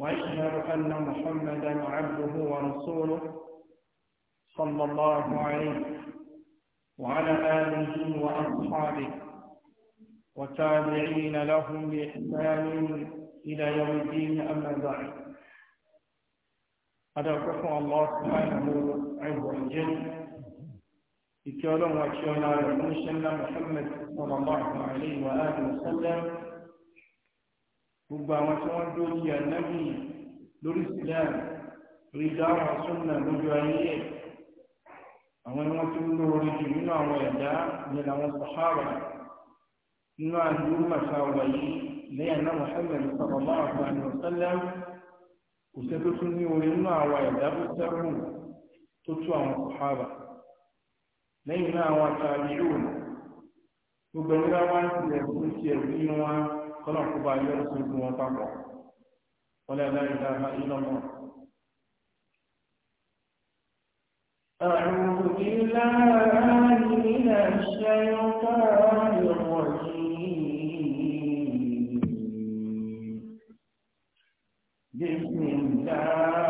وأشهد أن محمدا عبده ورسوله صلى الله عليه وعلى آله وأصحابه وتابعين لهم بإحسان إلى يوم الدين أما بعد أدعوكم الله سبحانه عز وجل يقولون وكيونا رسول محمد صلى الله عليه وآله وسلم gbogbo àwọn tí wọ́n dó di ànábì lórí islam rí dáhùn súnà lójú ayé ẹ̀ àwọn ni wọ́n ti ń lóore jù nínú àwọn ẹ̀dá ní àwọn sàhábà nínú àdúró màṣá ọ̀rọ̀ yìí lẹ́yìn náà Muhammad sallallahu alaihi wasallam kò sí tó tún ní orí nínú àwọn tó tó àwọn náà àwọn gbogbo fún wọn. kọ́lọ̀ kó bá yọrù sí fún wọn papọ̀ wọlé aláìláha ìlọ́mọ. أعوذ بالله من الشيطان الرجيم بسم الله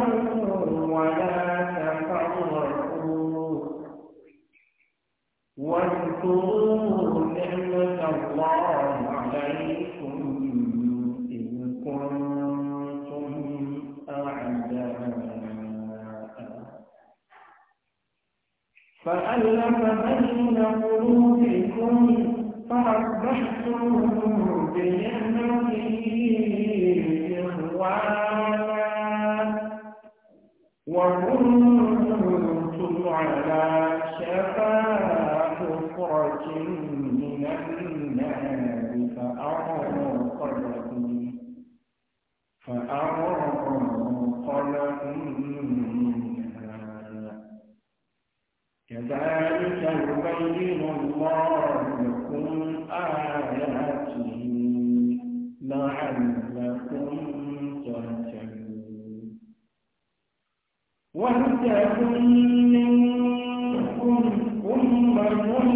فألف بين قلوبكم فأصبحتم بنعمته إخوانا وكنتم على شفا حفرة من النار فأغرقني فأغرقني كذلك يبين الله لكم آياته لعلكم تهتدون ولتكن منكم أمة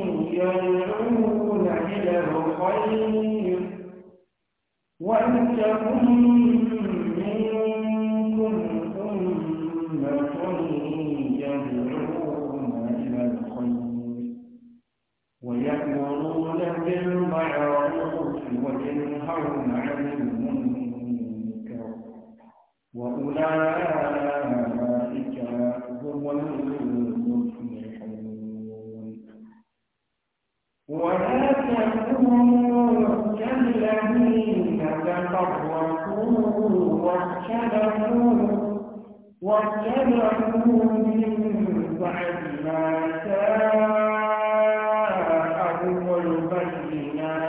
يدعون إلى الخير ولتكن منكم أمة بالمعروف وينهون عن المنكر وأولئك هم المفلحون ولا تكونوا كالذين تفرقوا واختلفوا واختلفوا من بعد ما تاب بنا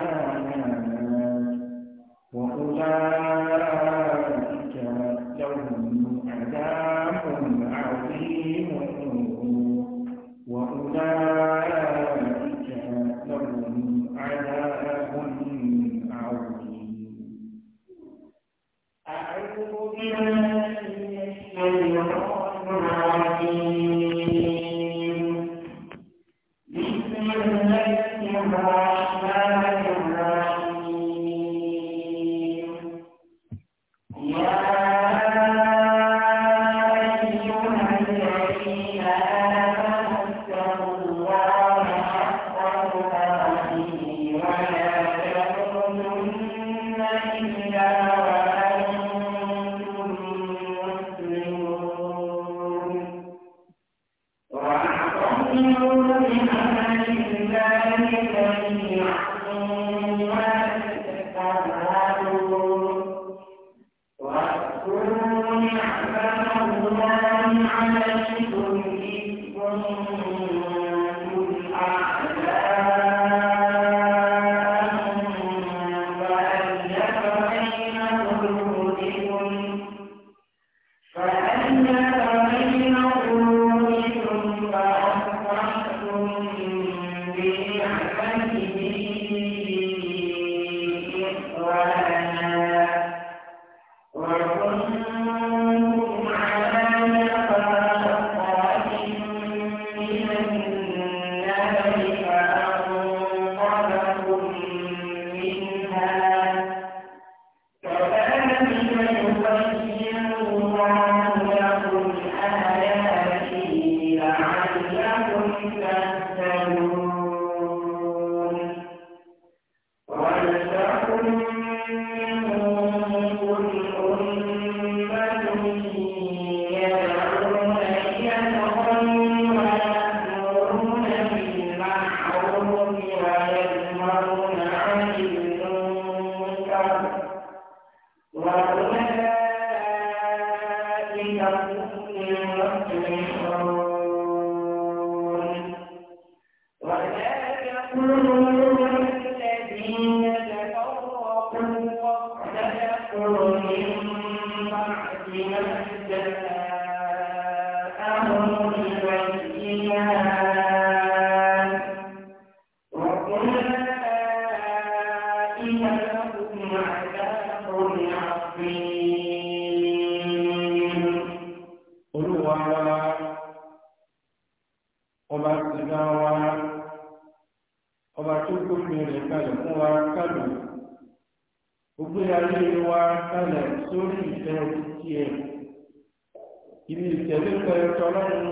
ọlọ́run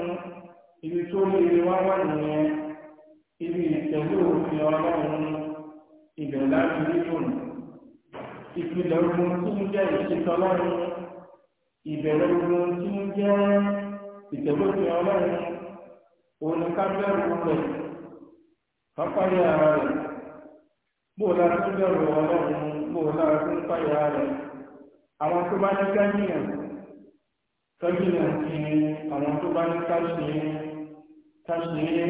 ibi tó lè wá wà nìyẹn ibi ìtẹ̀lé òfin ọlọ́run ibẹ̀ láti nífòònù ìpìlẹ̀ ogun tí ń jẹ́ ìṣètò ọlọ́run ìbẹ̀rẹ̀ ogun tí ń jẹ́ ìtẹ̀lé òfin ọlọ́run oníkábẹ́rù rẹ̀ pápáyé ara rẹ̀ bó o láti bẹ̀rù ọlọ́run bó o láti ń rẹ̀ àwọn tó bá ní tọ́júnà ní àwọn tó bá ní káṣe ìlà ní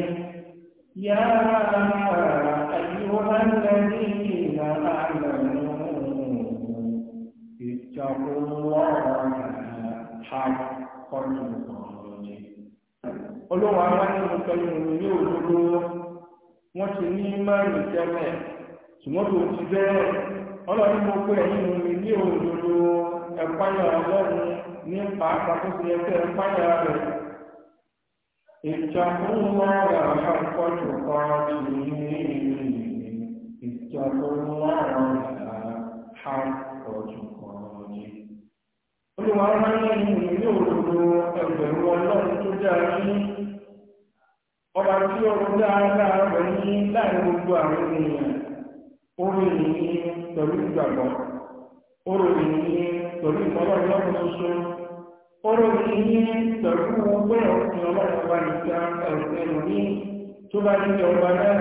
òdodo wọ́n ti ní márùn tẹ́lẹ̀ ṣùgbọ́n tó ti bẹ́ẹ̀ ọrụ mo pé ẹ̀yìn ní òdodo ní pàápàá tó ti ẹgbẹ́ ìpáyà rẹ̀ ìjàkúnmọ́ra àkọ́jù kan ti ní ìjàkúnmọ́ra àkọ́jù kan ní. olùwà máa ní ìlú òdodo ẹgbẹ̀rún ọlọ́run tó dára ní ọba tí ó dáadáa rẹ̀ ní láì gbogbo àwọn ènìyàn orí ìní pẹ̀lú ìgbàgbọ́ orí ìní pẹ̀lú ìmọ̀lọ́run lọ́kùnrin ṣoṣo ọ̀rọ̀ yìí ní pẹ̀lú ọgbẹ́ ọ̀sìn ọlọ́run ọba nìta ẹ̀rùn ẹlòmí tó bá ní ọba náà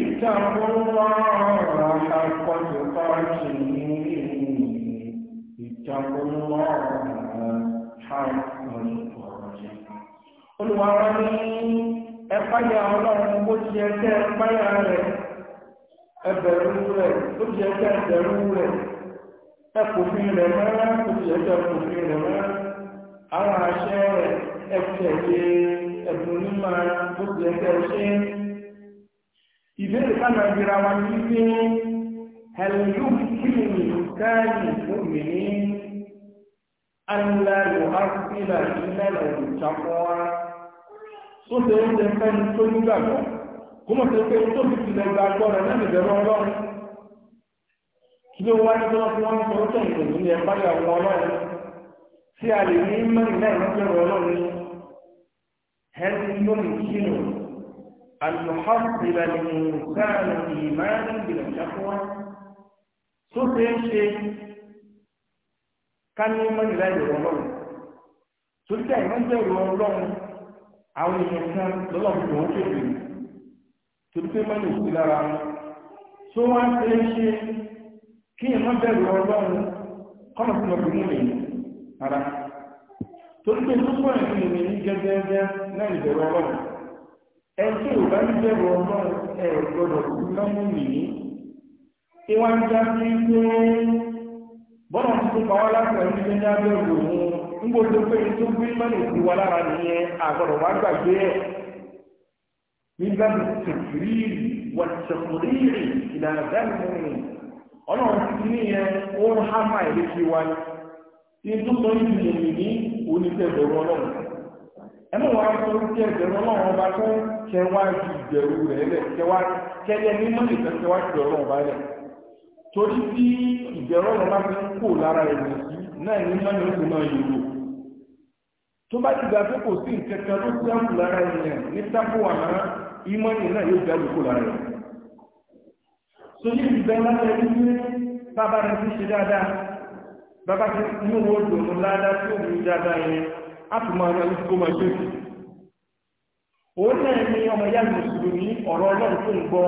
ìta ọgbọ́nwá ọ̀rọ̀ akọ́jọ káàkì ní ìta ọgbọ́nwá olùwàrá ní ẹ̀fáyà ọlọ́run bó ti ẹgbẹ́ ẹ̀fáyà rẹ̀ ẹbẹ̀rún rẹ̀ bó ti ẹgbẹ́ ẹbẹ̀rún rẹ̀ ẹkùnfin rẹ̀ àwọn àṣẹ rẹ̀ ẹ̀fẹ̀lẹ̀ ẹ̀bùn onímọ̀ bó ti ẹ̀fẹ̀ ṣe ìbéèrè kánà ìgbéra wa ní pé ẹ̀lú kílìmì káàlì òmìnirí alẹ́lò áfíìlà ìlẹ́lẹ̀ ìtàkùnwá tó ṣe ń jẹ fẹ́ni tó nígbàgbọ́ kó mọ̀ sí pé tó fi tilẹ̀ gbàgbọ́ rẹ̀ lẹ́nu ìbẹ̀rù ọlọ́run kí ló wá ní tó wọ́n fi wọ́n sọ ó tẹ̀yìn tòun ní ẹ̀fáyà ọmọ ọlọ́run tí a lè ní mẹ́rin náà lọ́gbẹ̀rún ọlọ́run ní ẹni yóò ní kínú alùhàbìlà ní sáàlù ìmáàrin bìlà ṣàkóhá tó ṣe é ṣe ká ní mẹ́rin náà lọ́gbẹ̀rún ọlọ́run torí ká ìmọ̀gbẹ̀rún ọlọ́run àwọn èèyàn kan lọ́lọ́run tó ń torí pé mẹ́rin ò lára wọn tó wá ṣe ṣe kí ìmọ̀gbẹ̀rún ọlọ́run kọ́mọ̀tì lọ́gbẹ̀rún lẹ́yìn ara torí pé púpọ̀ ẹ̀sìn ìwé ní gẹ́gẹ́gẹ́ náà ìbẹ̀rù ọlọ́run ẹni tí ò bá ń bẹ̀rù ọlọ́run ẹ̀ gbọ́dọ̀ sí lọ́mú nìyí ìwà ń já sí pé ti pa wá láti ní abẹ́ òun ń pé tó gbé lára nìyẹn àgbọ̀dọ̀ wá gbàgbé inú sọ yìí lè mì ní oníkẹ̀bẹ̀rù ọlọ́run ẹnu wa sọ wípé ẹgbẹ̀rún ọlọ́run ọba tó kẹwàá ju ìbẹ̀rù rẹ̀ lẹ̀ kẹwàá kẹlẹ́ mímọ́ nìkan kẹwàá ju ọlọ́run ọba lẹ̀ torí tí ìbẹ̀rù ọlọ́run bá fi ń kó lára rẹ̀ lẹ̀ sí náà ní mímọ́ ní oṣù náà yòó tó bá ti gbà pé kò sí nǹkan kan tó ti àpò lára rẹ̀ yẹn ní sábò àná ìmọ̀ náà yóò gbà lóko lára rẹ̀ sójú ìbẹ̀rù bàbá ti mú wọn dùnú ládá tí ó wù yẹn á tún máa yọ ìdíkó máa ṣe sí. òun náà ní ọmọ ìyá mùsùlùmí ọ̀rọ̀ ọlọ́run tó ń gbọ́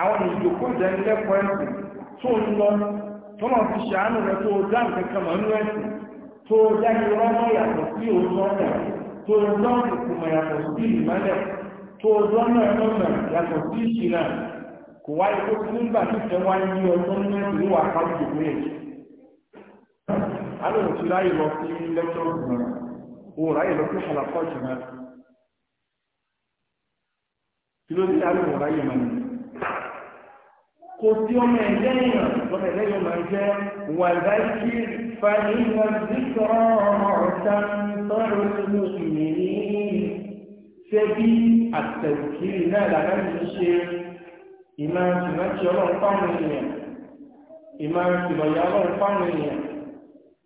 àwọn ìjòkó ìdánilẹ́kọ̀ọ́ ẹ̀sìn tó ń lọ tọ́lọ̀ ṣàánú tó dá nǹkan kan ẹ̀sìn tó dá yàtọ̀ sí òótọ́ rẹ̀ tó dá òkùnkùn yàtọ̀ sí ìmọ́lẹ̀ tó yàtọ̀ sí kò wáyé nígbà wáyé ní ọdún mẹ́rin alẹ́ òtí ráyè lọ sí lẹ́kítọ́ ìgbìmọ̀ òun ráyè lọ sí àlàkọ́ ìjìnà kí ló dé alẹ́ òun ráyè máa ń kò sí ọmọ ẹ̀jẹ̀ èèyàn lọ́mọ ẹ̀jẹ̀ yóò máa jẹ́ wàdáìkì fàníyà zikọ́ ọ̀tá sọ̀rọ̀ sínú ìmìnì ṣé bí àtẹ̀kìrì náà làbẹ́ mi ṣe ìmọ̀ ìrántí ọlọ́run fáwọn èèyàn ìmọ̀ ìlọ̀yà ọlọ́run fáwọn èèyàn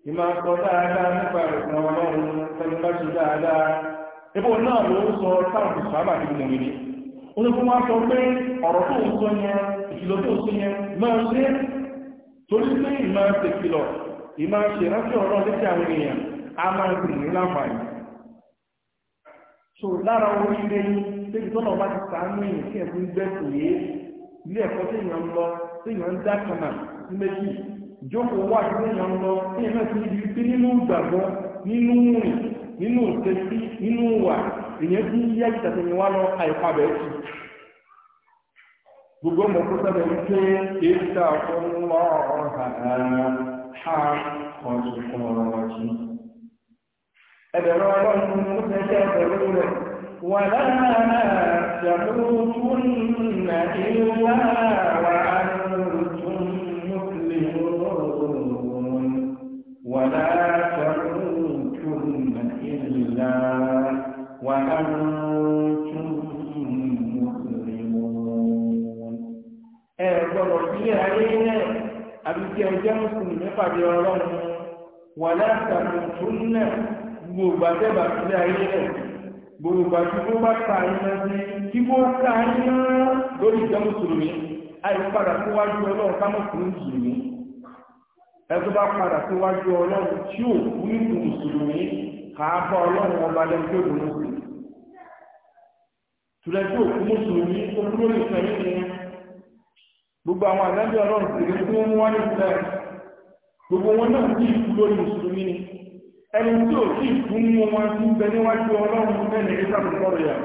ìmọ̀ akọ dáadáa nípa ẹ̀sìn ọlọ́run tẹnu bá ṣe dáadáa ipò náà ló ń sọ táwọn ìṣọ́ àbàdì mú mi ní onífún wa sọ pé ọ̀rọ̀ tó ń sọ yẹn ìkìlọ̀ tó ń sọ yẹn máa ṣe torí pé ìmọ̀ ṣèkìlọ̀ ìmọ̀ ṣèrántí ọ̀rọ̀ létí àwọn èèyàn a máa ń gbìyànjú láǹfààní so lára oríire débi tó náà ti sàánú jókòó wà ní èèyàn lọ ní ẹ̀mẹ́ tí ibi pé nínú ìgbàgbọ́ nínú rìn nínú ìtẹ́sí nínú wà tí wá lọ gbogbo ọmọ kó ha ẹ̀bẹ̀rẹ̀ ọlọ́run jẹ́ ولا تموتن إلا وأنتم مسلمون ẹ̀gbọ́n bí ayé náà àbíkẹ́ ọjọ́ mùsùlùmí pàdé ọlọ́run wàlá tàbùtún náà gbogbo àtẹ́bà sílẹ̀ ayé náà gbogbo àti tó bá ta iná sí kí bó ta iná lórí ìjọ mùsùlùmí àìpadà síwájú ọlọ́run ká mùsùlùmí ẹtú bá padà síwájú ọlọ́run tí ò kú nínú mùsùlùmí kàá bá ọlọ́run ọba lẹ́nu tó dùn sí tùrẹ́ tí ò kú mùsùlùmí ó kúrò ní sẹ́yìn ni gbogbo àwọn àdájọ́ ọlọ́run sì rí fún wọn ní sẹ́yìn gbogbo wọn náà ní ìkú lórí mùsùlùmí ni ẹni tí ò sí ìkú mú wọn ti bẹ níwájú ọlọ́run mẹ́rin ní sábà sọ̀rọ̀ yà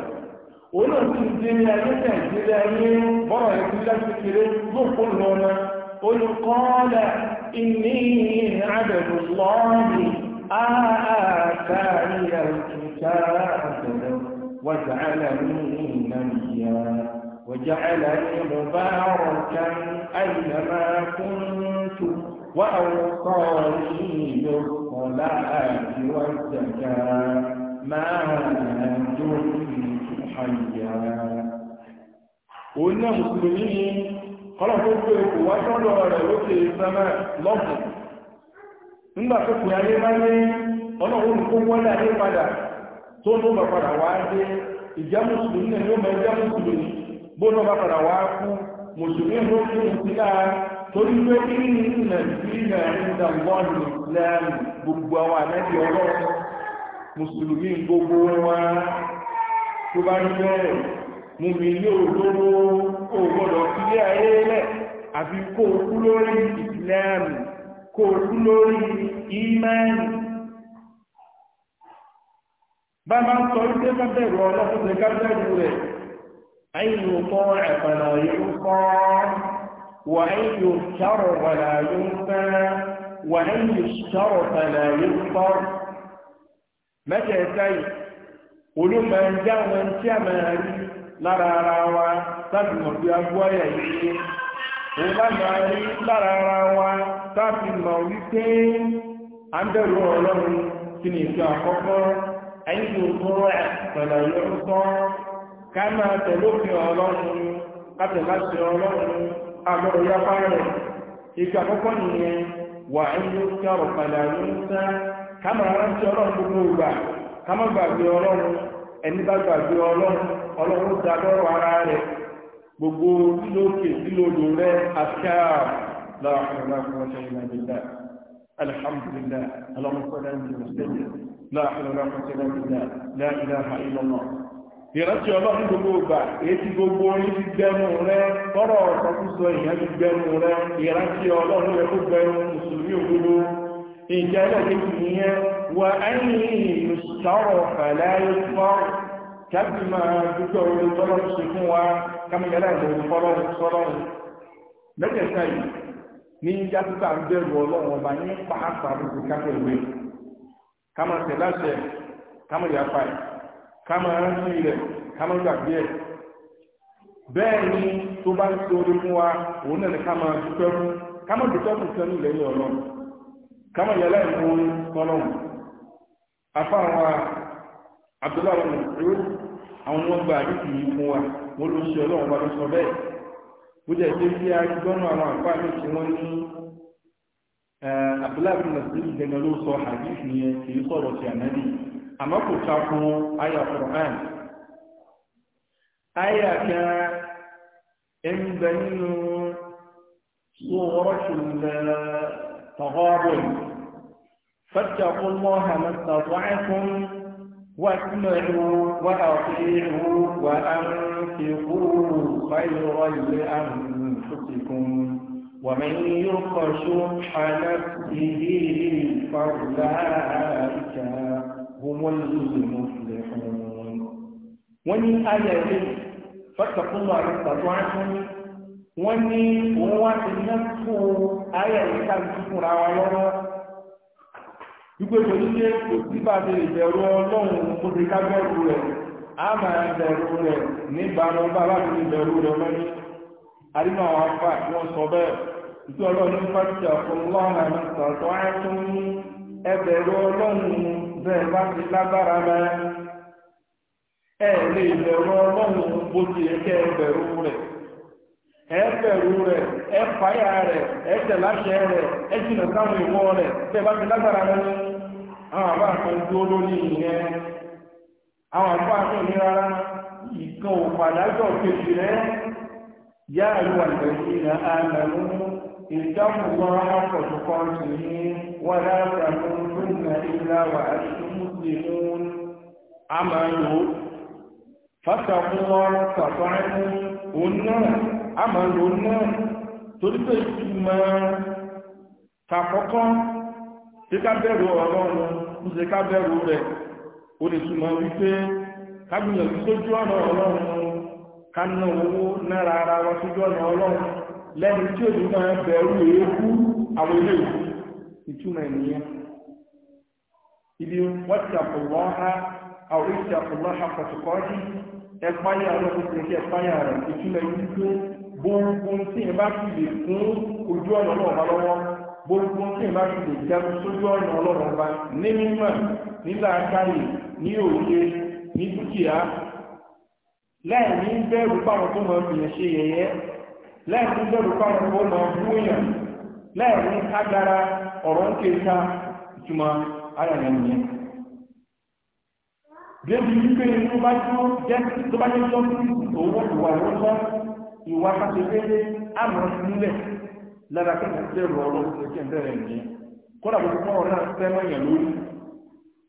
òun náà sì ń dé ní ayé bọ́rọ̀ ẹ̀kú láti kéré lọ́nà olùkọ́ إني عبد الله آتاني الكتاب وجعلني نبيا وجعلني مباركا أينما كنت وأوصاني بالصلاة والزكاة ما دمت حيا قلنا مسلمين kọ́lọ̀ tó gbé ipò wá sọ́dọ̀ rẹ̀ lókè sẹ́mẹ́ lọ́pùn nígbà tó kùn ayé máa ní ọlọ́run kó padà tó ló bá wá dé ìjẹ́ mùsùlùmí ní ọmọ ìjẹ́ mùsùlùmí gbọ́dọ̀ bá wá kú mùsùlùmí mo mi ní òdòdó kò gbọdọ̀ ilé ayé lẹ̀ àfi kó o kú lórí ìsìláàmù kó o kú lórí ìmáàmù bá máa ń sọ wípé ká bẹ̀rù ọlọ́pùtẹ̀ ká bẹ̀rù rẹ̀ ayò olùmọ̀ ń já tí a máa rí lára ara wa láti mọ̀ bí agbó ayà yìí òun lára rí lára ara wa láti mọ̀ wípé à ń bẹ̀rù ọlọ́run kí ni ìfẹ́ àkọ́kọ́ ẹ̀yìn tó kúrò ẹ̀ pẹ̀lú ìlọ́sọ́ ká máa tẹ̀lé òfin ọlọ́run láti láti ọlọ́run agbọ́dọ̀ yápá rẹ̀ ìfẹ́ àkọ́kọ́ nìyẹn wà ẹ̀yìn tó kúrò pẹ̀lú ìlọ́sọ́ ká máa rántí ọlọ́run gbogbo ìgbà ká má gbàgbé ọlọ́run ẹni bá gbàgbé ọlọ́run ọlọ́run dá lọ́rọ̀ ara rẹ̀ gbogbo lókè sílòdò rẹ̀ àṣàr láàrín ọ̀sẹ̀ ìlànà alhamdulillah اللهم صل على لا حول ولا قوة لا إله إلا الله ìrántí ọlọ́run gbogbo ọgbà èyí gbogbo orí ti gbẹnu rẹ tọrọ ọ̀sọ̀kúsọ ìyẹn ti gbẹnu rẹ ìrántí ọlọ́run rẹ kó kí a sì máa dúpẹ́ ṣe fún wa kámẹ́yàlá ìlú fọlọ́run sọ́lọ́run mẹ́tẹ̀ẹ̀ta yìí ní yásùkà ń bẹ̀rù ọlọ́run ọba ní pàápàá gbogbo kápẹ́ ìwé kámà tẹ̀láṣẹ kámà yàpá ẹ̀ kámà rántí rẹ̀ kámà gbàgbé ẹ̀ bẹ́ẹ̀ ni tó bá ń ṣe orin fún wa òun náà ni dúpẹ́ fún dúpẹ́ fún sẹ́nu lẹ́yìn ọlọ́run àwọn ni wọ́n gba àdìsí yìí fún wa wọ́n ló ṣe ọlọ́run bá ló sọ bẹ́ẹ̀ bó jẹ́ pé bí a gbọ́nà àwọn àpá mi tí wọ́n ní abdullahi bin nasiru gẹ́gẹ́ ló sọ hadith yẹn kì í sọ̀rọ̀ sí ànábì àmọ́ kò ta fún àyà quran àyà kan ń bẹ nínú sọ́wọ́rọ́ ṣùgbọ́n tọ́gọ́rùn fẹ́tẹ̀kùn mọ́hàmẹ́ta tó ẹ̀kún واسمعوا وأطيعوا وأنفقوا خيرا لأنفسكم ومن يوق شح نفسه فأولئك هم المفلحون ومن آياته فاتقوا الله ما استطعتم ومن هو النفس آية كانت تكون wípé pẹ̀lú ní kò sí bàtẹ ìbẹ̀rù ọlọ́run kò sí kábẹ́rù rẹ̀ a máa bẹ̀rù rẹ̀ nígbà bá láti ní bẹ̀rù rẹ̀ lọ́ní àdínà àwọn afá tí wọ́n sọ bẹ́ẹ̀ ìtú ọlọ́run ní pàṣẹ ọ̀pọ̀lọ́run àmì sàtọ́ ẹ̀tún ní ẹbẹ̀rù ọlọ́run bẹ́ẹ̀ bá ti lágbára mẹ́ lè àwọn àbá kan dúró lórí ìyẹn àwọn àbá kan ní rárá ìkan ò pàdájọ́ kejì rẹ yá àlùwà ìbẹ̀sí ìlà àmàlú ìdáhùnwá akọ̀tùkọ̀ sí ní wọ́n látàkùn lónà ìlà wà á fásitì wọn kàtọ́ ẹni òun náà àmàlú náà ìtumọ̀ kàkọ́kọ́ ṣé ká bẹ̀rù ọlọ́run ń ṣe ká bẹ̀rù rẹ̀ ó lè túmọ̀ wípé ká gbìyànjú sójú ọ̀nà ọlọ́run ká ná owó náírà ara wa sójú ọ̀nà ọlọ́run lẹ́ni tí òjò náà bẹ̀rù èékú àwọn ilé ìtumọ̀ ènìyàn ibi wọ́tàpù lọ́ha àwọn ìtàpù lọ́ha pọ̀tùkọ́dí ẹ̀páyà lọ́kùnkùn sí ẹ̀páyà rẹ̀ ìtumọ̀ ìdíkó gbogbo tí ẹ bá fi lè fún ojú ọ̀nà náà gbogbo tí ìmá ti lè jẹun sójú ọ̀nà ọlọ́run ní mímọ̀ nílà ní òye ní dúkìá bẹ̀rù páwọn tó máa ṣe bẹ̀rù páwọn tó máa bú èèyàn kágara ọ̀rọ̀ ń ìtumọ̀ ara nìyẹn. wípé tó bá tó jẹ́ tó bá tó lára kí wọ́n lè rọ ọlọ́run tó kí n bẹ̀rẹ̀ nìyẹn kódà kó kọ́ ọ̀rọ̀ náà tẹ́ máa yàn lórí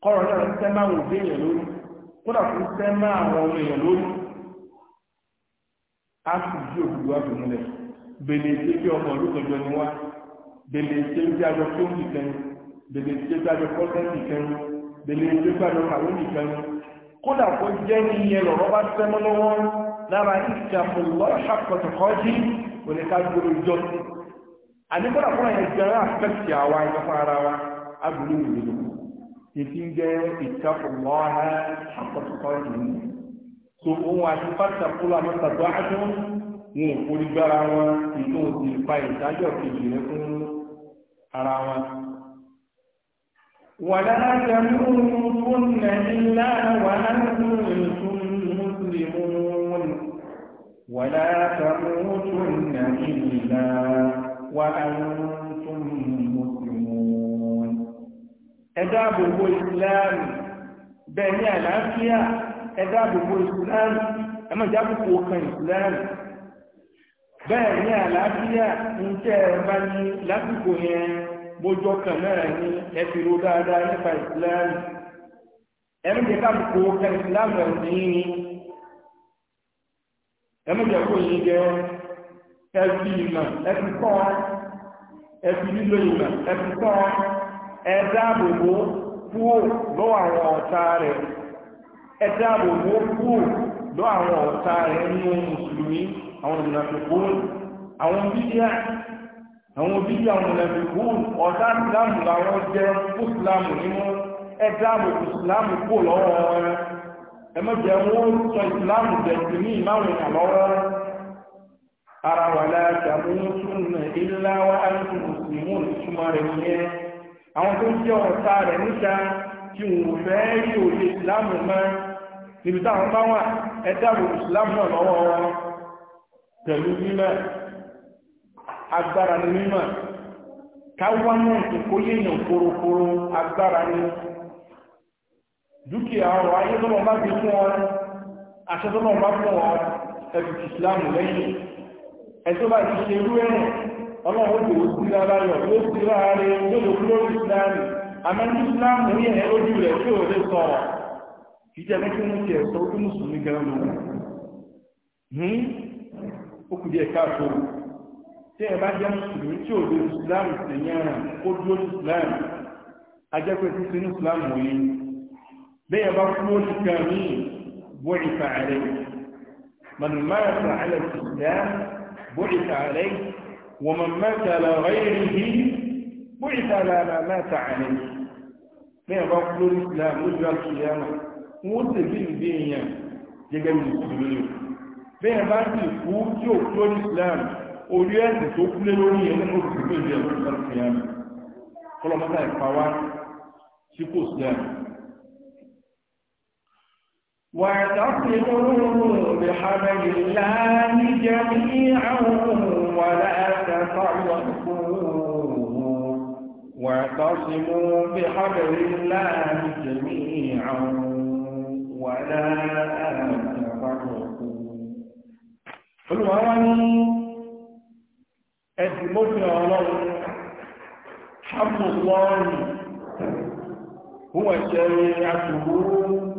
kọ́rọ̀ náà tẹ́ máa wò dé yàn lórí kódà kó tẹ́ máa àwọn ọmọ yàn lórí á sì ju òdùdó àbùmú lẹ̀ bèlè tí kí ọmọ olùkọjọ ni wá bèlè tí kí ajọ tó ń nìkan bèlè tí kí kọ́sẹ́ nìkan bèlè tí kí kàwé nìkan kódà kó jẹ́ ní iye lọ́rọ́ bá tẹ́ mọ́ lọ́wọ́ lára ìjàpọ̀ àdínkọ́dà fún ẹ̀yẹ jẹ́ àfẹ́kì àwa ìjọba ara wa agbègbè ìlú ìfi ń jẹ́ ìtàkùnmọ́ ara àkọsùkọ́ ìlú so ohun àti pátákùlù àmọ́tàtù àádọ́n wọn ò forí gbára wọn ìtò òsì pa ìdájọ́ kejì rẹ fún ara wọn. wàlá tẹ̀mùrún nàìjíríà wà lánàá tún mùsùlùmí wàlá tẹ̀mùrún nàìjíríà. وأنتم مسلمون أداب الإسلام بني العافية أداب الإسلام أما جابوا كان الإسلام بني العافية أنت بني لابكو يعني bójọ́ kan náà ní ẹ̀fìrò dáadáa nípa ìsìláàmù ẹ̀mẹ́jẹ̀ káàkó kan ìsìláàmù ẹ̀sìn yìí ẹ̀fì ìmọ̀ ẹ̀fì kọ́ ẹ̀fì lílo ìmọ̀ ẹ̀fì kọ́ ẹ̀dáàbòbò kúò lọ́wọ́ àwọn ọ̀tá rẹ̀ ẹ̀dáàbòbò kúò lọ́wọ́ àwọn ọ̀tá rẹ̀ nínú mùsùlùmí àwọn ìdùnnàfẹ̀kú àwọn bíbíà àwọn bíbíà àwọn ìdùnnàfẹ̀kú ọ̀tá ìsìlámù làwọn jẹ́ fúsìlámù nínú ẹ̀dáàbòbò ìsìlámù kúò lọ́wọ́ wọn ẹ ara wà láàtà múlùmùsùnà ilá wa áńtù mùsùlùmùn ìtumọ̀ rẹ̀ nìyẹn àwọn tó ń jẹ́ ọ̀tá rẹ̀ níta tí wọ́n fẹ́ rí òye ìsìlámù mọ́ níbi táwọn bá wà ẹ dáàbò ìsìlámù náà lọ́wọ́ wọn pẹ̀lú mímọ́ agbára ni mímọ́ káwá náà tó kó yéèyàn korokoro agbára ni dúkìá ọrọ̀ ayé tọ́lọ́ bá fi fún ọ aṣọ tọ́lọ́ bá fún ọ ẹ̀bùn ìsìlámù lẹ́yìn ẹ̀tọ́ bá ti ṣe irú ẹ̀rùn ọlọ́run ó sì lára yọ yóò sì láàárẹ yóò lò kúrò ìsìláàmù àmẹ́ni ìsìláàmù rí ẹ̀ lójú rẹ̀ tí ò lè sọ̀rọ̀ kì í jẹ́ mẹ́kí mú ti ẹ̀sọ́ tó mùsùlùmí gan lò hún hmm? ó kù díẹ̀ káàtó tí ẹ bá jẹ́ mùsùlùmí tí ò lè ìsìláàmù sì yẹn ó dúró ìsìláàmù ajẹ́pẹ́ tó sinú ìsìláàmù yìí bẹ́ẹ̀ bá kúrò ìsìláàmù yìí bọ́ ìfà àlẹ́ mọ̀nùmáyà بعث عليه ومن مات على غيره بعث على ما مات عليه bẹ́ẹ̀ bá الإسلام lórí islam lójú àkìyàmà wọ́n tẹ̀ bí ìdí èèyàn gẹ́gẹ́ bí ìsinmi bẹ́ẹ̀ bá sì kú tí ó kú lórí islam orí ẹ̀sì tó kú lé lórí ẹ̀ nínú òkú tó jẹ́ lórí àkìyàmà kọlọmọta ìpawá tí kò sí àná واعتصموا بحبل الله جميعا ولا تفرقوا واعتصموا بحبل الله جميعا ولا تفرقوا قل ورني أدمت الله حمد الله هو شريعته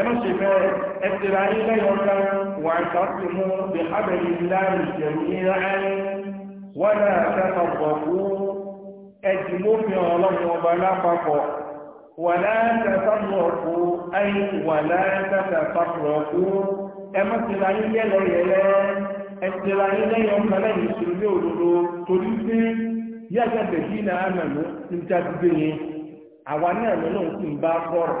ẹmọ́sẹ̀ bẹ́ẹ̀ ẹ̀sẹ̀rẹ̀ ayé lẹ́yọ̀ká wà ìtàkì mú bí abẹ̀lì láàrin ìjẹ̀rù yíra ẹni wọ́n náà kẹta bọ̀kú ẹ̀dì mọ́fin ọlọ́run ọba lápapọ̀ wà láàkẹta bọ̀kú ayé wà láàkẹta bọ̀kú ẹmọ́sẹ̀rẹ̀ ayé yẹlẹyẹlẹ ẹ̀sẹ̀rẹ̀ ayé lẹ́yọ̀ká lẹ́yìn ìṣòro òdodo torí pé yàtọ̀ bẹ̀kí náà mẹ́nu ń jáde yẹn àwa náà lọ́nà ń bá bọ̀rọ̀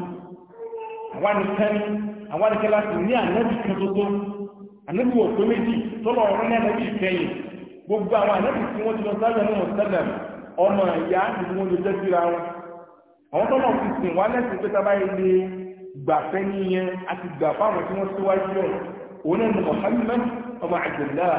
àwa nìkan àwa nìkan láti ní ànábì kan tuntun ànábì wọ̀ pé méjì tọ́lọ̀ ọ̀rọ̀ ní ànábì ìkẹyìn gbogbo àwọn ànábì tí wọ́n ti lọ sáyẹn ní mọ̀sálẹ̀m ọmọ ìyá ìlú wọn ló jẹ́ síra wọn àwọn tọ́lọ̀ fi sìn wá lẹ́sìn pé tábà ilé gbàfẹ́ níyẹn àti gbà fáwọn tí wọ́n síwájú ẹ̀ òun ní Muhammad ọmọ àjẹlá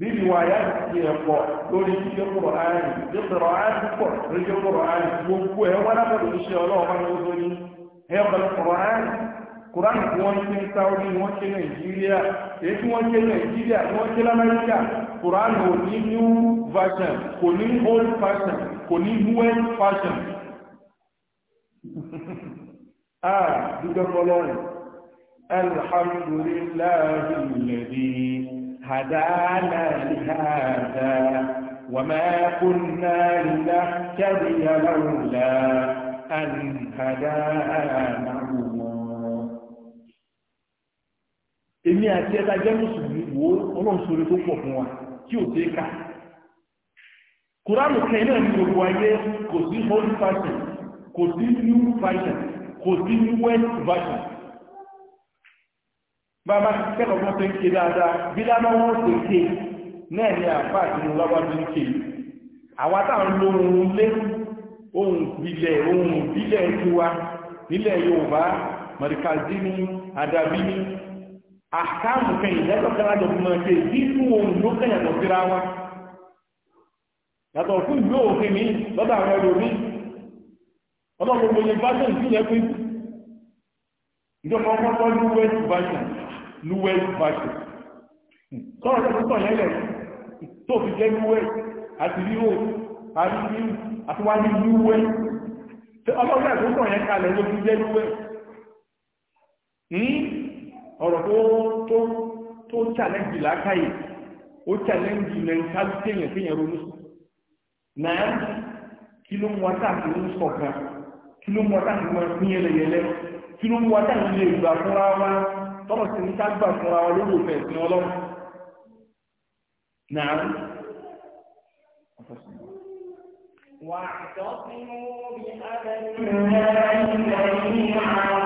níbi wà yá ti ẹ̀kọ́ lórí jíjẹ kúrò ààrẹ jíjẹrọ ààrẹ púpọ̀ lórí jíjẹ kúrò ààrẹ gbogbo ẹ̀ wọ́n lábọ̀ lórí iṣẹ́ ọlọ́ọ̀bá ní ó lórí ẹ̀ bẹ̀rẹ̀ kúrò ààrẹ kúránì tí wọ́n ṣe ń sáwọ́dí wọ́n ṣe nàìjíríà èyí tí wọ́n ṣe nàìjíríà tí wọ́n ṣe lamẹ́ríkà kúránì ò ní new version kò ní old version kò ní newest version. a ah, dúpẹ́ fọlọ́run alhamdulillahi lẹ́yìn هدانا لهذا وما كنا لنهتدي لولا أن هدانا الله èmi àti ẹ̀ta jẹ́ mùsùlùmí wo ọlọ́run sórí tó pọ̀ fún wa tí ò tẹ́ ká kùránù kẹ́ náà ní gbogbo ayé kò sí old fashion kò sí new fashion kò sí new west fashion bàbá ti kẹ́kọ̀ọ́ fún ṣe ń ké dáadáa bí dáná na ṣe ń náà ni àpá àti ní ń àwa táwọn ohun lé ohun ìbílẹ̀ ohun ìbílẹ̀ tiwa nílẹ̀ Yorùbá mọ̀ríkàzí àdàbí àkáàmù kẹyìn lẹ́tọ̀ kẹlájọ ṣe nínú ohun ló kẹyìn lọ síra wa yàtọ̀ fún ìlú òfin mi lọ́dọ̀ àwọn ọlọ́run lúwẹ́ ìbáṣe sọ́rọ̀ tó tọ̀ lẹ́lẹ̀ tó fi jẹ́ lúwẹ́ àti ríro àti ríro àti wá ní lúwẹ́ ọlọ́gbà tó tọ̀ yẹn kalẹ̀ ló fi jẹ́ lúwẹ́ hmm? ọ̀rọ̀ tó tó challenge lákàyè challenge mentality èèyàn fi yẹn tọ́lọ̀ sí ní ká gbà fúnra wọn lórí ẹ̀sìn ọlọ́run náà واعتصموا بأمر الله جميعا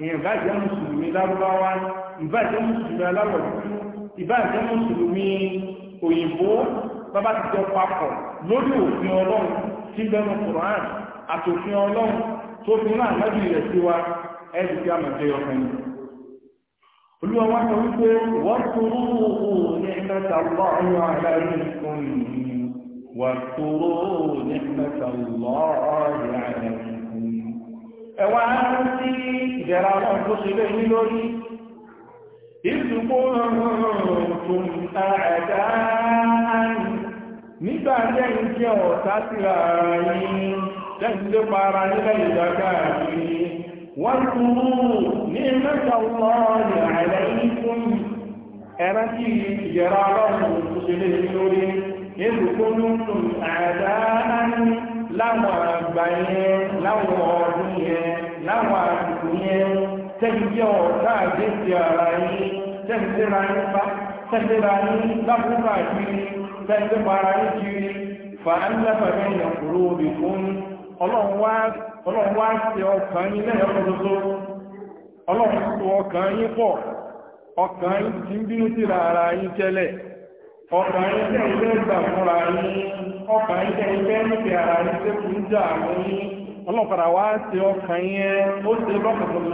èèyàn bá jẹ́ mùsùlùmí lárúbáwá ìbá jẹ́ mùsùlùmí aláwọ̀ dúdú ìbá jẹ́ mùsùlùmí òyìnbó bàbá ti jọ papọ̀ lórí òfin ọlọ́run tí bẹnu Qur'an àtòfin ọlọ́run tó fi náà lọ́dún rẹ̀ sí wa ẹ̀dù tí a mọ̀ jẹ́ ọkàn ni olúwa wá sọ wípé wọ́n tóró ní ẹ̀mẹ́ta lọ́rùn àdáyé nìkan wọ́n tóró ní ẹ̀mẹ́ta ẹ̀wọ̀n àárín sí ìdẹ̀ra ọlọ́run tó ṣe lé ní lórí ìsìnkú ọ̀rùn àdá nígbà lẹ́yìn jẹ́ ọ̀tá síra ara yìí lẹ́yìn ló para ọlọ́run tó ṣe lé ní lórí ìsìnkú ọ̀rùn àdá láwọn àgbà yẹn láwọn ọdún yẹn láwọn àdùkù yẹn tẹ́lifíọ̀ káàdé ti ara yín tẹ́lifíra yín bá tẹ́lifíra yín lábúrò àkiri tẹ́lifíra yín kiri fàánlẹ́fà yẹn yẹn kúrò òbí fún ọlọ́run wá ọkàn yín lẹ́yìn ọkọ̀ tuntun ọlọ́run tó ọkàn yín pọ̀ ọkàn yín ti ń bínú sí ara yín tẹ́lẹ̀ ọkàn yín gbà fúnra yín ọkàn yín tẹ́yìn fẹ́ nífẹ̀ẹ́ ara yín tẹ́ kù ń jà àmì yín ọlọ́pàá wá ṣe ọkàn yẹn ó ṣe lọ́kàn rẹ̀ ó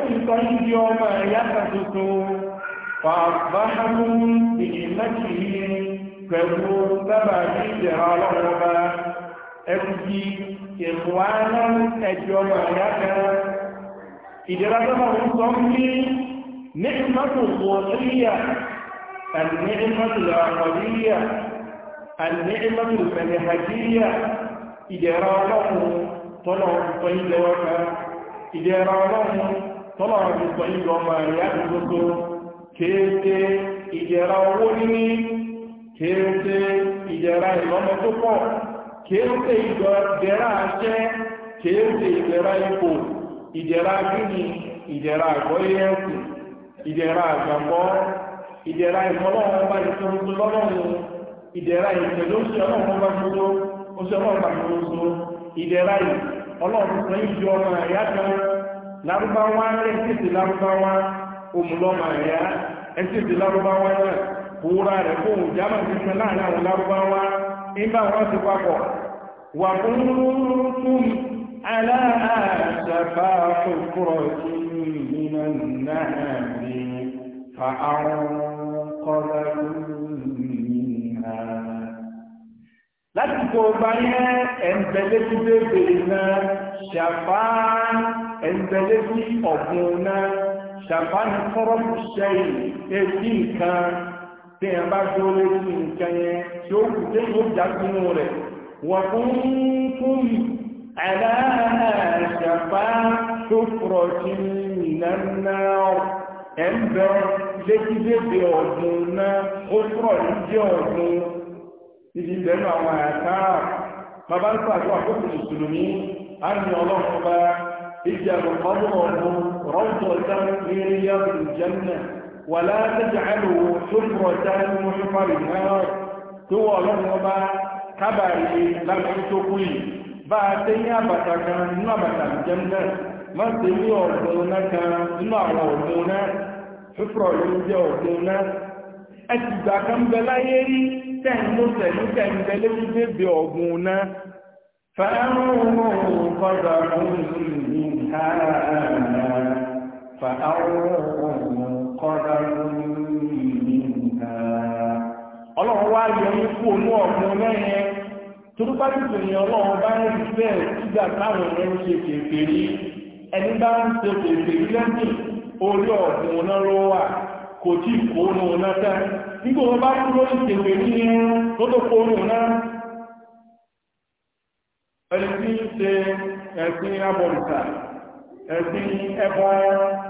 sì sọ ọmọ ẹ̀yà pẹ̀lú sábà ní ìjẹ̀rọ ọlọ́run ọba ẹkùn jí ìmú àánú ẹjọ́ ọmọ àyà fẹ́ràn ìdẹ́ra sábà ń sọ ń bí ní ìmọ̀tò wọ̀nyíyà àní ìmọ̀tò àkọ̀yíyà àní ìmọ̀tò fẹ̀lẹ̀hàjíyà ìdẹ́ra ọlọ́run tọ́lọ̀ ọ̀pọ̀ ilẹ̀ ọ̀ka ìdẹ́ra ọlọ́run tọ́lọ̀ ọ̀pọ̀ ilẹ̀ ọmọ àyà gbogbo kéèké ìdẹ́ra owó níní kìí ṣe ìdẹ̀ra tó pọ̀ kìí ṣe àṣẹ kìí ṣe ipò ìdẹ̀ra gíní ìdẹ̀ra àgbọ́yé ẹ̀sìn ìdẹ̀ra àgbàgbọ́ ìdẹ̀ra ìmọ̀lọ́wọ́ bá ti tó lọ́lọ́run oṣù ọlọ́run bá ti tó oṣù ọlọ́run bá ti tó ọlọ́run ọmọ kan lárúbáwá lárúbáwá òmùlọ́mọ lárúbáwá náà òwúra rẹ̀ kó òun jámà tuntun láàrin àwọn lárúbáwá nígbà wọn ti papọ̀ wà fún tún aláàṣàfà òkúrọ̀ sí nínú náà ní fa'arun kọ́lá nínú láti kó bá yẹ ẹ̀ǹtẹ̀lẹ́sí bèbè náà ṣàfà ẹ̀ǹtẹ̀lẹ́sí ọ̀gbun náà ṣàfà ní kọ́rọ̀ ṣẹ́yìn èyí nǹkan tí ẹ bá jó lórí nǹkan yẹn tí ó kù tí ó já sínú rẹ̀ wọ́n fún fún aláàṣàfà tó kúrọ̀ sí ìlànà ẹ̀ńbẹ́ létílédè ọ̀dùn náà ó kúrọ̀ ní jẹ́ ọ̀dùn ibi ìbẹ̀rù àwọn àyàká bàbá ń pàṣẹ àkókò mùsùlùmí á ní ọlọ́run bá ìjà lọ́kọ́ ọdún rọ́ọ̀dọ̀ sáà ní rí yàtọ̀ ìjẹ́ náà wàlá tẹ́jàálù ṣùgbọ́ta mọ́ṣúfàrí náà tó wọ́ ọlọ́run ọba kábàrí lábẹ́ tó kú yìí bá a tẹ́ ní àbàtà kan nínú àbàtà jẹun náà má ṣe ní ọ̀gbọ̀n náà kan nínú àwọn ọ̀gbọ̀n náà ṣùfúrọ̀ ló jẹ́ ọ̀gbọ̀n náà ẹ ti gbà kan bẹ láyé rí tẹ́ǹdọ́sẹ̀ ní tẹ́ǹdẹ́ ọlọ́run wá yọ ní kú olú ọ̀gbọ́n mẹ́rin torúpàdùkù ni ọlọ́run bá ń rí bẹ́ẹ̀ nígbà táwọn ẹni ṣe kèfèrí ẹni bá ń ṣe kèfèrí lẹ́sìn orí ọ̀gbọ́n náà ló wà kò tí kó tẹ́ nígbà wọn bá lórí ní tó tó kó ẹni tí ń ṣe ẹ̀sìn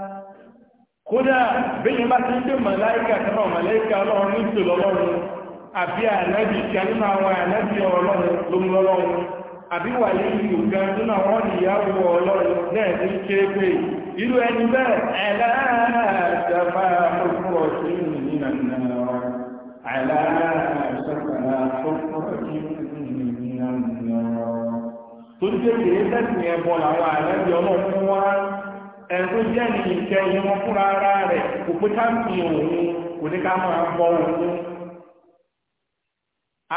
kódà bẹ́yìn bá ti ń pè màláìkà kanáà màláìkà ọlọ́run ní ìṣòro ọlọ́run àbí ànábì kan àwọn ànábì ọlọ́run ló mú ọlọ́run àbí wà ní ìlú gan nínú ọlọ́run náà ní ẹni bẹ́ẹ̀ fúnfún ọ̀sẹ̀ nàná fúnfún ọ̀sẹ̀ ẹ̀rọ jẹ́ ní ìkẹ́ wọn fúnra ara rẹ̀ kò pé ká ka òun kò ní ká máa bọ́ òun.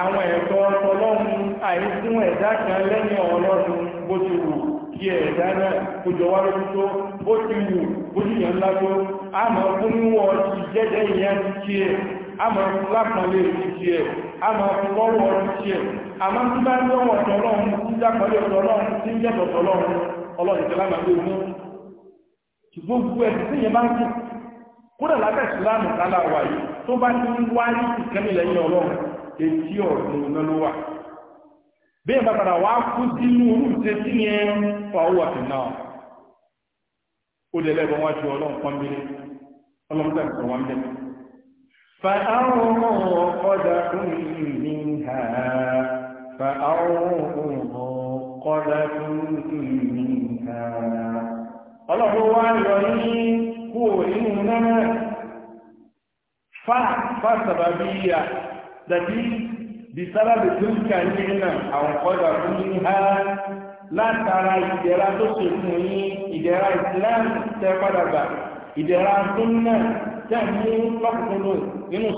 àwọn ẹ̀tọ́ ọlọ́run àìsùn ẹ̀dá kan lẹ́yìn ọlọ́run bó ti wù kí ẹ̀dá náà kò jọ wá lójú tó bó ti wù bó ti yàn ńlá tó fún ti jẹ́jẹ́ ti ẹ̀ fún ti ẹ̀ fún lọ́wọ́ ti ẹ̀ àmọ́ tí bá ń lọ́wọ́ tí ṣùgbọ́n gbogbo ẹ̀sìn tí yẹn bá ń kí kódà lábẹ́ ìsìláàmù kálá wà yìí tó bá ti ń wá ìkẹ́mi lẹ́yìn ọlọ́run etí ọ̀dùn iná wà bí ẹ̀bá padà wá kú sínú orú ṣe sí ni ẹ ń fa owó àti náà ó lè lẹ́bọn wá ju ọlọ́run pọ́n bí ọlọ́run tẹ̀ sọ wá ń bẹ́ẹ̀. فأرهم قدح منها فأرهم قدح منها ọlọ́run wá ní kú nínú náà fa fa sàbàbí yà dàbí bisábàbí tó ń kà ní àwọn fún ha látara ìdẹ̀ra tó ṣe fún yín ìdẹ̀ra ìsìlámù tẹ́ padà gbà ìdẹ̀ra tó ń nà tẹ́ mú lọ́kùnkúndùn nínú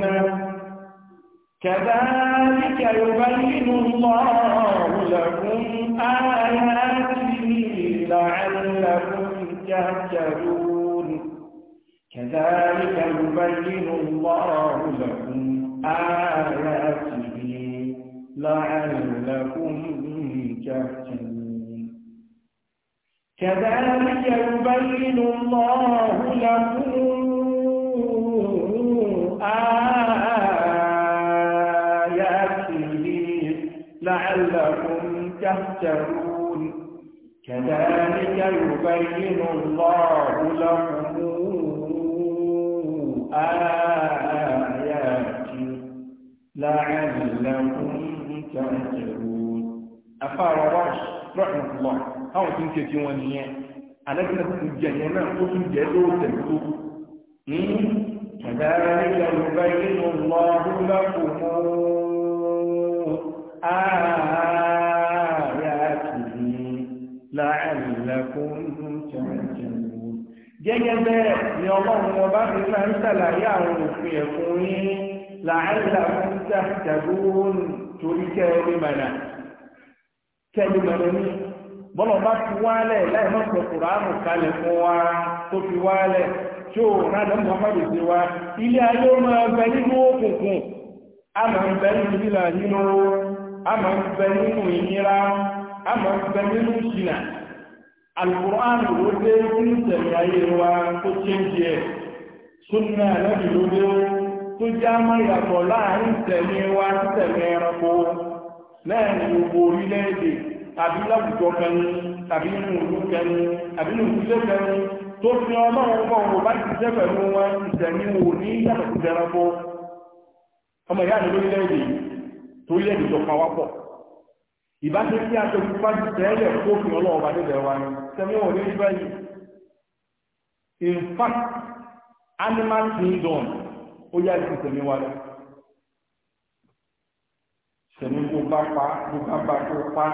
náà كذلك يبين الله لكم آياته لعلكم تهتدون كذلك يبين الله لكم آياته لعلكم تهتدون كذلك يبين الله لكم آياته لعلكم تهتدون كذلك يبين الله لكم آياته لعلكم تهتدون أفار رأس رحمة الله أو كنت في ونية أنا كنت في الجنة إيه؟ كذلك يبين الله لكم آياته لعلكم تهتدون gẹ́gẹ́ bẹ́ẹ̀ ni ọlọ́run ọba ti máa ń ṣàlàyé àwọn òfin ẹ̀kún yín la'allakum tahtadun torí kẹ́ẹ̀rí mọ̀nà kẹ́ẹ̀rí mọ̀nà ní bọ́lọ̀ bá fi wálẹ̀ láì má sọ kùránù kalẹ̀ fún wa tó fi wálẹ̀ tí rádà muhammadu sí wa ilé ayé ó máa bẹ nínú òkùnkùn a máa bẹ nínú ìlànà a ma ń bẹ nínú ìnira a ma ń bẹ nínú ìṣìnà alukur'an ló dé nínú tẹ̀lé ayé wa tó chéńjì ẹ̀ sunna lẹ́bi ló dé tó já má yàtọ̀ láàrin tẹ̀lé wa tó tẹ̀lé ẹranko lẹ́yìn gbogbo orílẹ̀-èdè tàbí láwùjọ kan tàbí nínú ìlú kan tàbí nínú kan tó fi ọlọ́run bọ̀ wò bá ti jẹ́ pẹ̀lú wọn ìtẹ̀lé wò ní yàtọ̀ tó ẹranko ọmọ ìyá mi lórílẹ̀-èdè yìí torí ẹ̀dùn tó pa wá pọ̀ ìbáṣe kí aṣọ pupa ju tẹ́lẹ̀ kófin ọlọ́run bá débẹ̀ wá ni sẹ́mi wọ̀ ní israẹli in fact animal kingdom ó yá ìsìn sẹ́mi wá lọ sẹ́mi bó bá pa bó bá bá tó pa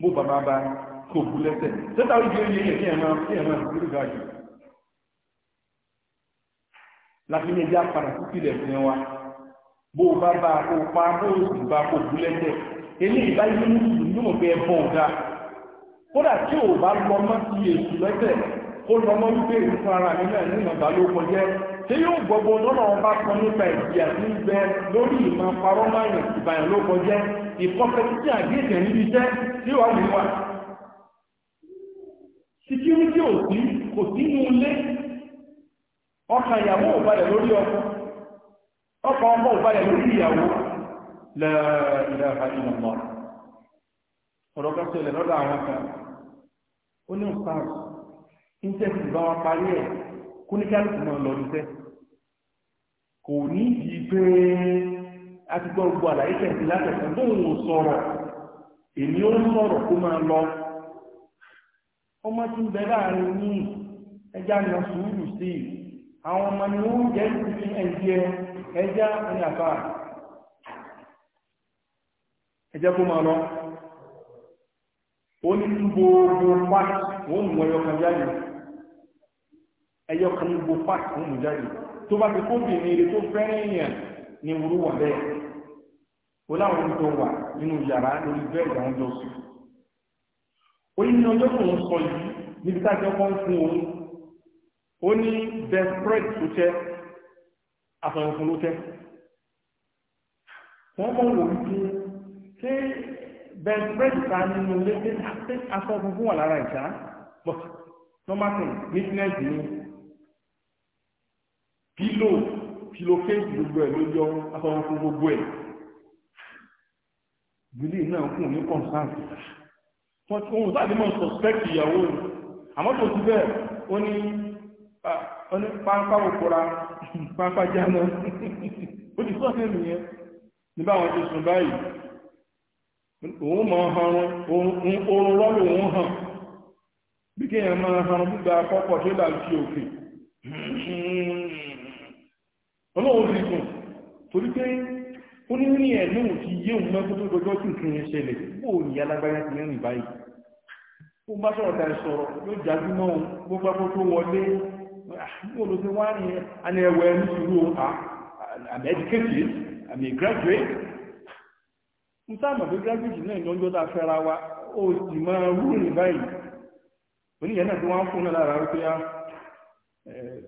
bó bá bá bá kò bu lẹ́sẹ̀ sẹ́tà ó di oyè kí ẹ̀ máa kí ẹ̀ máa kúrò gàdù láti ní ẹjẹ́ apàdà kúkìlẹ̀ fún wa bó o bá bá kó pa bó o sì bá kó bú lẹ́sẹ̀ èmi ìbá yé mùsùlùmí yóò mọ̀ pé ẹbọ ọ̀gá kódà tí o bá lọ mọ́ sí èsì lẹ́sẹ̀ kó lọ mọ́ wípé ìfún ara mi náà nínú ìgbà ló kọjẹ́ tí yóò gbogbo lọ́nà ọba kan nípa ìdí àti ń bẹ lórí ìmọ̀ parọ́ márùn ìbàyàn ló kọjẹ́ ìkọ́fẹ́tì àgbéṣe níbi iṣẹ́ tí wàá wù wá. security ò sí kò sí inú ilé ọkàn ìyàwó ò balẹ̀ lórí ọkọ̀ ọmọ ìbálẹ̀ lórí ìyàwó la ilaha illallah ọ̀rọ̀ kan ṣẹlẹ̀ lọ́dọ̀ àwọn kan ó ní ọ̀sán íńtẹ́sì bá wa parí ẹ̀ kó ní kálukú mọ́ lọ níṣẹ́ kò ní ìdí pé a ti gbọ́ gbogbo àlàyé tẹ̀sí látẹ̀sán sí i àwọn ẹjá ní àfà ẹjẹ́ kó máa lọ ó ní gbogbo pàtì wọ́n mú ẹyọ kan jáde ẹyọ kan gbogbo pàtì wọ́n mú jáde tó bá ti kóbìnrin rẹ tó fẹ́ràn èèyàn ni wúrú wà bẹ́ẹ̀ ó láwọn ohun tó wà nínú yàrá lórí bẹ́ẹ̀ ìdáwọn jọ sùn ó ní ọjọ́ tó ń sọ yìí níbi tájọ́ kan fún òun ó ní best friend tó jẹ́ àtọ̀rọ̀ fún ló tẹ́ wọ́n mọ̀ wò wípé ṣé bẹ́ẹ̀dì ta nínú ilé pé aṣọ funfun wà lára ìṣá but normal thing business ni pílò pílò kéèkì gbogbo ẹ̀ ló yọ aṣọ funfun gbogbo ẹ̀ gbìlì náà kù ní constance wọ́n ti ohun sáàdì mọ̀ suspect ìyàwó rẹ̀ àmọ́ tó ti bẹ́ẹ̀ ó ní pápá òkúra pápá jáná ó ti sọ́ọ̀tì nìyẹn nígbà wọn ti sùn báyìí òun máa hanrun oorun rọ́ọ̀lù òun hàn bí kéèyàn máa hanrun gbígba akọ́kọ̀ tó là ń fi òkè ọlọ́run ti sùn torí pé ó ní ní ẹ̀mí ò ti yé òun mẹ́kú tó gbọjọ́ tí nǹkan yẹn ṣẹlẹ̀ ó ní alágbára ti rìn báyìí ó bá sọ̀rọ̀ ta ẹ̀ sọ̀rọ̀ yóò jágúmọ́ òun gbogbo akókó wọlé bóòlù tí wọ́n ní ẹni ẹwẹ́ ní sùúrù i'm educated i'm a graduate n sáàmù pé graduate náà lọ́jọ́ tá a fẹ́ra wa ó sì máa rúrìn báyìí oníyẹn náà tí wọ́n fún náà lára wípé ah,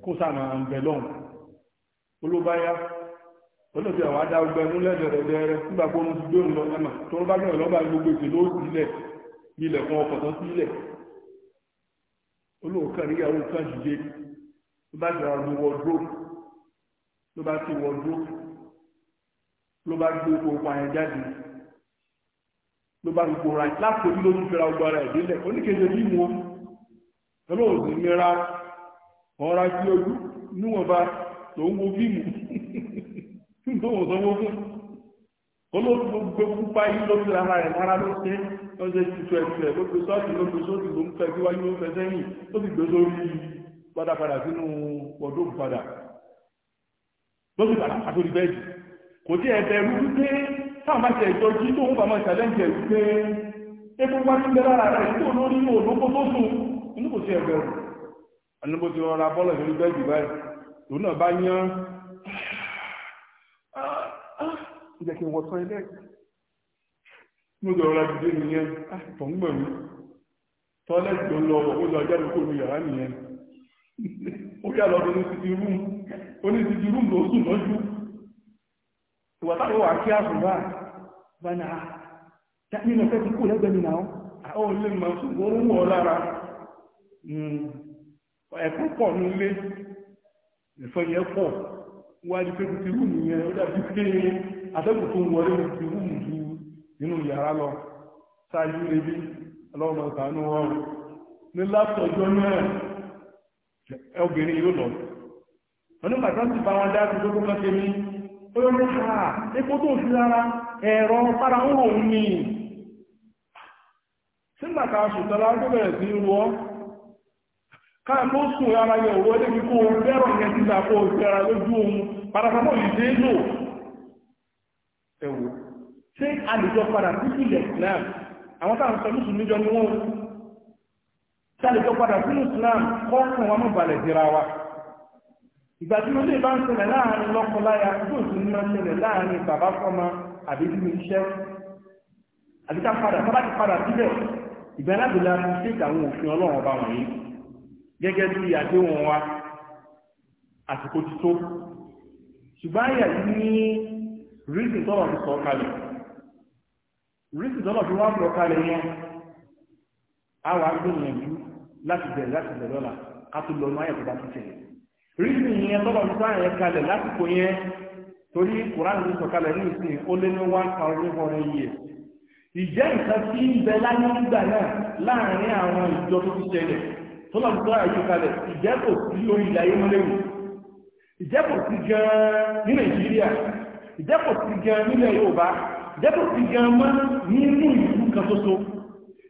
kó sáàmù àǹbẹ̀ lọ́hùn olóbáyá olóòtú àwọn adá ọgbẹ ẹnu lẹ́dẹ̀rẹ̀dẹ̀rẹ̀ nígbà tó ń gbé òun lọ ẹ̀mà tó ń bá gbẹ̀rẹ̀ lọ́ba gbogbo ètò ló sílẹ̀ ilẹ̀kùn ọkọ̀ tán sílẹ̀ olóòkàn níyàwó kan jìde ló bá gbé ọdún wọdúró ló bá ti wọdúró ló bá gbé gbogbo àyàn jáde ló bá gbogbo ra láti orí ló ń fira gbogbo ara ìdílẹ̀ oníkejì bí wọn ọlọ́run sì nira ọ̀rá sí ojú níwọ̀nba tó ń wo fíìmù tó wọ́n sanwó fún olóòtú gbogbo pa yìí ló fi ara rẹ̀ lára ló ṣe lọ́sẹ̀ tuntun ẹ̀sẹ̀ ló fi sọ́ọ̀tì ló fi sóòtì ló ń fẹ́ síwájú ló ń fẹ́ sẹ́yìn ó sì gbé sórí padà padà sínú ọdún padà lóṣù padà àtòrí bẹ́ẹ̀dì kò tí ẹ̀bẹ̀ rú wípé táwọn bá ṣe ìjọ jí tó ń bàmọ́ ìṣàlẹ́ǹjẹ̀ wípé epo wá sí bẹ́ẹ̀ lára rẹ̀ tó lórí òdókó tó sùn inú kò sí ẹ̀bẹ̀ rú àníbo ti rọra bọ́ọ̀lù ìṣòrí bẹ́ẹ̀dì báyìí lòun náà bá yán ìjẹ́ ah, ah, kí wọ́n tán ilé lóògbé ọ̀rọ̀ àdìdé nìyẹn àtọ̀ ah, ń gbẹ̀mí tọ́lẹ̀ tó lọ ó lọ jáde kó lu yàrá nìyẹn ó yà lọ́dún ní títí rúm oní títí rúm ló sùn lọ́jú ìwà kí àbúrà bá náà ọ ọ̀fẹ́ ti kú lẹ́gbẹ̀ẹ́ ọ àwọn olè máa sùn ó lára hmm, ẹ̀kọ́ pọ̀ nílé ẹ̀fọ́ yẹn pọ̀ wá ju lọ obìnrin yóò lọ onígbàtà ti bá wọn dáàbò tó kó ṣe mí tó fi lára ẹ̀rọ para ń rò mí sígbàtà ṣùtọ́lá tó bẹ̀rẹ̀ sí wọ́ káàkó sùn ara yẹ òwò débi kó bẹ́rọ̀ yẹn ti kó fi ara lójú ohun yìí dé lò ẹ̀wò ṣé àlùjọ padà náà àwọn táwọn sọ sáré tó padà sínú Islam kọ́kùn wọn balẹ̀ jìra wa ìgbà tí mo lè bá ń ṣẹlẹ̀ láàrin lọ́kọláya yóò tún máa ṣẹlẹ̀ láàrin bàbá fọ́mọ àbí bí mi ṣẹ́ àbí ká padà bá ti padà síbẹ̀ ìgbà láti la fi ṣe ìtàwọn òfin ọlọ́run ọba wọ̀nyí gẹ́gẹ́ bí àdéhùn wa àsìkò ti tó ṣùgbọ́n àyà yìí ní rísìn tọ́lọ̀ fi sọ kalẹ̀ rísìn tọ́lọ̀ fi wá sọ kalẹ̀ yẹn a wàá gbìyànjú láti bẹ̀rẹ̀ láti bẹ̀rẹ̀ lọ́la ká tó lọ máyà tó bá tún tẹ̀lé rídìí yẹn tọ́lọ̀ nípa yẹn kalẹ̀ lásìkò yẹn torí kùránì ní sọ̀kalẹ̀ ní ìsìn ó lé ní one thousand four hundred years ìjẹ́ nǹkan tí ń bẹ láyé nígbà náà láàrin àwọn ìjọ tó ti ṣẹlẹ̀ tọ́lọ̀ nípa yẹn kalẹ̀ ìjẹ́ kò sí lórí ilẹ̀ ayé mọ́lẹ́wù ìjẹ́ kò sí gan-an ní nàìjíríà ìjẹ́ kò sí gan-an nílẹ̀ yorùbá ìjẹ́ kò sí gan-an mọ́ nínú ìlú kan ṣoṣo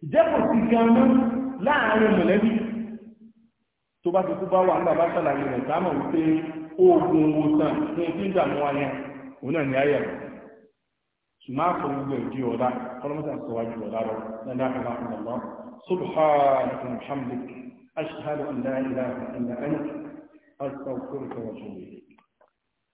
ìjẹ́ kò sí gan-an mọ́ láàrin mọ̀lẹ́bí tó bá ti kú bá wà nígbà bá sàlàyé rẹ̀ sáàmọ̀ wípé oògùn òwòsàn ní ti ń dààmú wa yẹn òun náà ní ayé rẹ̀ ṣùgbọ́n àpò gbogbo ìdí ọ̀la kọ́lọ́mọ́sà sọ wájú ọ̀la lọ lẹ́nà àmà ọ̀lọ́ subhanaka wa hamdika ashhadu an la ilaha illa anta astaghfiruka wa atubu ilayk